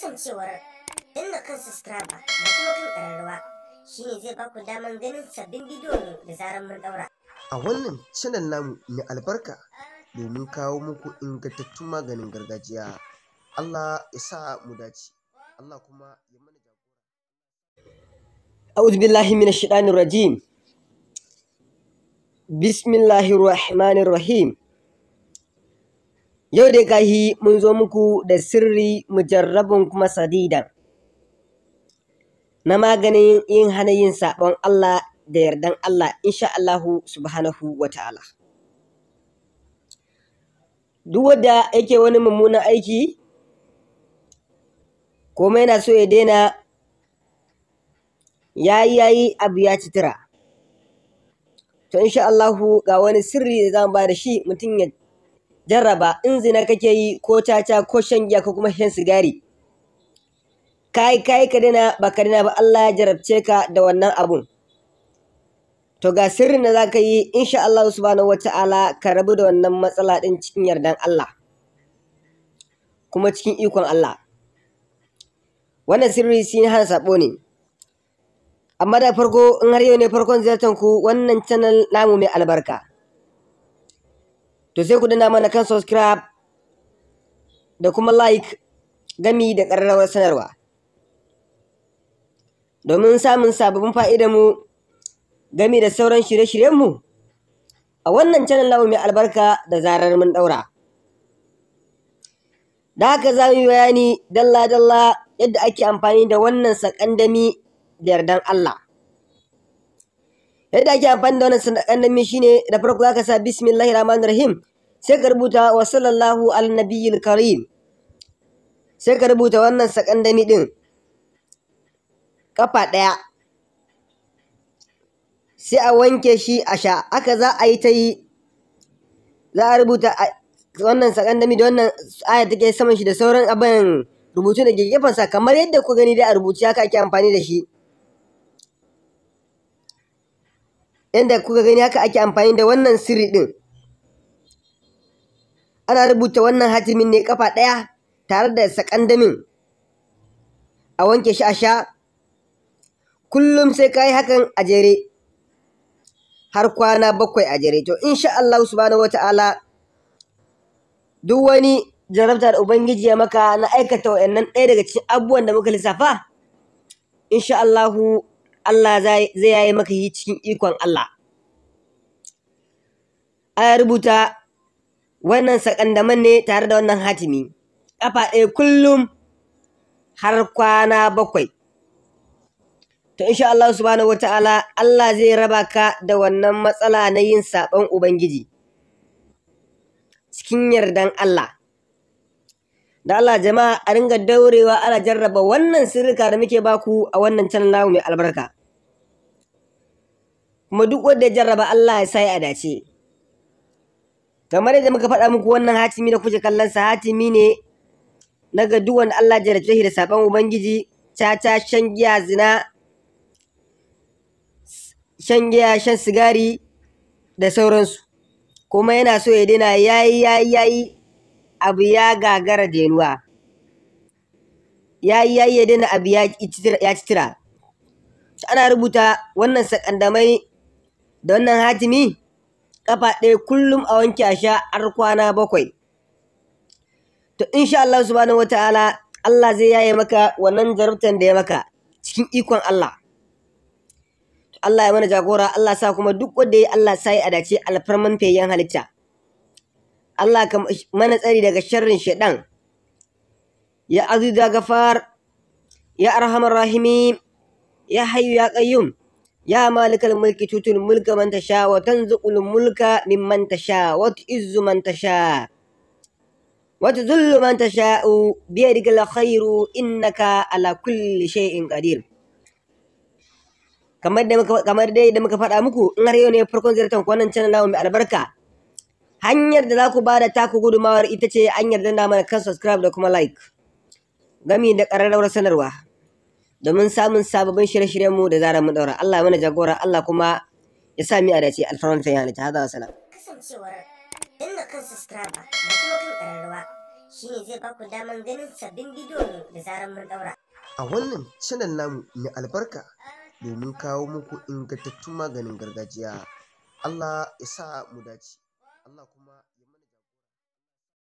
kasancewar danna kan subscribe da kuma kan ƙararrawa shine zai baku daman ganin sabbin bidiyo da zarar mun daura. A wannan channel namu mai albarka domin kawo muku ingantattun maganin gargajiya. Allah ya sa mu dace. Allah kuma ya mana jagora. A'udhu billahi minash shaitanir rajim. Bismillahir rahmanir rahim. Yau dai gahi mun zo muku da sirri mujarrabin kuma sadidan na maganin yin hana yin saɓon Allah da yardan Allah insha Allahu subhanahu wa ta'ala. Duk wanda yake wani mummunan aiki, komai yana so ya daina ya yayi abu ya citira. To insha Allahu ga wani sirri da zan ba da shi mutum ya jarraba in zina kake yi ko caca ko shan giya ko kuma shan sigari kai kai ka dina ba ka dina ba Allah ya jarabce ka da wannan abun to ga sirrin da zaka yi insha Allah subhanahu wataala ka rabu da wannan matsala din cikin yardan Allah kuma cikin ikon Allah wannan sirri shi hana sabo ne amma da farko in har yau ne farkon ziyartanku wannan channel namu mai albarka to sai ku dana mana kan subscribe da kuma like gami da ƙararrawar sanarwa domin samun sababbin mu gami da sauran shirye-shiryenmu a wannan channel namu mai albarka da zarar mun ɗaura. Da haka za mu yi bayani dalla-dalla yadda ake amfani da wannan sakandami da yardan Allah. yadda ake amfani da wannan sandakan shi shine da farko ka sa bismillahir rahmanir rahim sai ka rubuta wa sallallahu alnabiyyil karim sai ka rubuta wannan sakandami din kafa ɗaya sai a wanke shi a sha haka za a yi ta yi za a rubuta wannan sakandami da wannan aya take saman shi da sauran abin rubutu da ke sa, kamar yadda ku gani dai a rubuce haka ake amfani da shi yadda kuka gani haka ake amfani da wannan sirri ɗin ana rubuta wannan hatimin ne kafa ɗaya tare da sakandamin a wanke shi a sha kullum sai ka yi hakan a jere har kwana bakwai a jere to insha Allah subhanahu wata'ala duk wani jarabta da ubangiji ya maka na aikata wa'annan ɗaya daga cikin abubuwan da muka lissafa insha Allah Allah zai yayi maka yi cikin ikon Allah a rubuta wannan sakandaman ne tare da wannan hatimi ƙafa ɗaya kullum har kwana bakwai to insha Allah subhanahu wataala Allah zai raba ka da wannan matsala na yin saɓon ubangiji cikin yardan Allah da Allah jama'a a ringa daurewa ana jarraba wannan sirrika da muke baku a wannan can namu mai albarka kuma duk wanda ya jarraba Allah ya sai a dace kamar yadda muka faɗa muku wannan hatimi da kuke kallon sa hatimi ne na ga duk wanda Allah ya jarrace da saban ubangiji caca shan giya zina shan giya shan sigari da sauransu kuma yana so ya daina yayi yayi yayi abu ya gagara denuwa yayi yayi ya daina abu ya ci ana rubuta wannan sakandamai da wannan hatimi ƙafa ɗaya kullum a wanke a sha har kwana bakwai to insha Allah subhanahu ta'ala Allah zai yaye maka wannan jarabtan da ya maka cikin ikon Allah Allah ya mana jagora Allah sa kuma duk wanda ya Allah sa ya adace alfarman fayyan halitta Allah ka mana tsari daga sharrin shaɗan. ya azu ya gafar ya arhamar rahimi ya hayu ya ƙayyum. يا مالك الملك تؤتي الملك من تشاء وتنزق الملك ممن تشاء وتعز من تشاء وتذل من تشاء بيدك الخير إنك على كل شيء قدير kamar da muka kamar dai da muka faɗa muku in har yau ne farkon ziyartar wannan channel namu mai albarka hanyar da za ku bada taku gudumawar ita ce hanyar da na mana kan subscribe da kuma like gami da ƙararrawar sanarwa domin samun sababbin shirye-shiryenmu da zarar mu daura Allah mana jagora Allah kuma ya sa mi a dace alfarman ta yana ta hada wasala kasancewar na kan subscriber da kuma kan ƙararrawa shine zai baku daman ganin sabbin bidiyo da zarar mun daura a wannan channel namu mai albarka domin kawo muku ingantattun maganin gargajiya Allah ya sa mu dace Allah kuma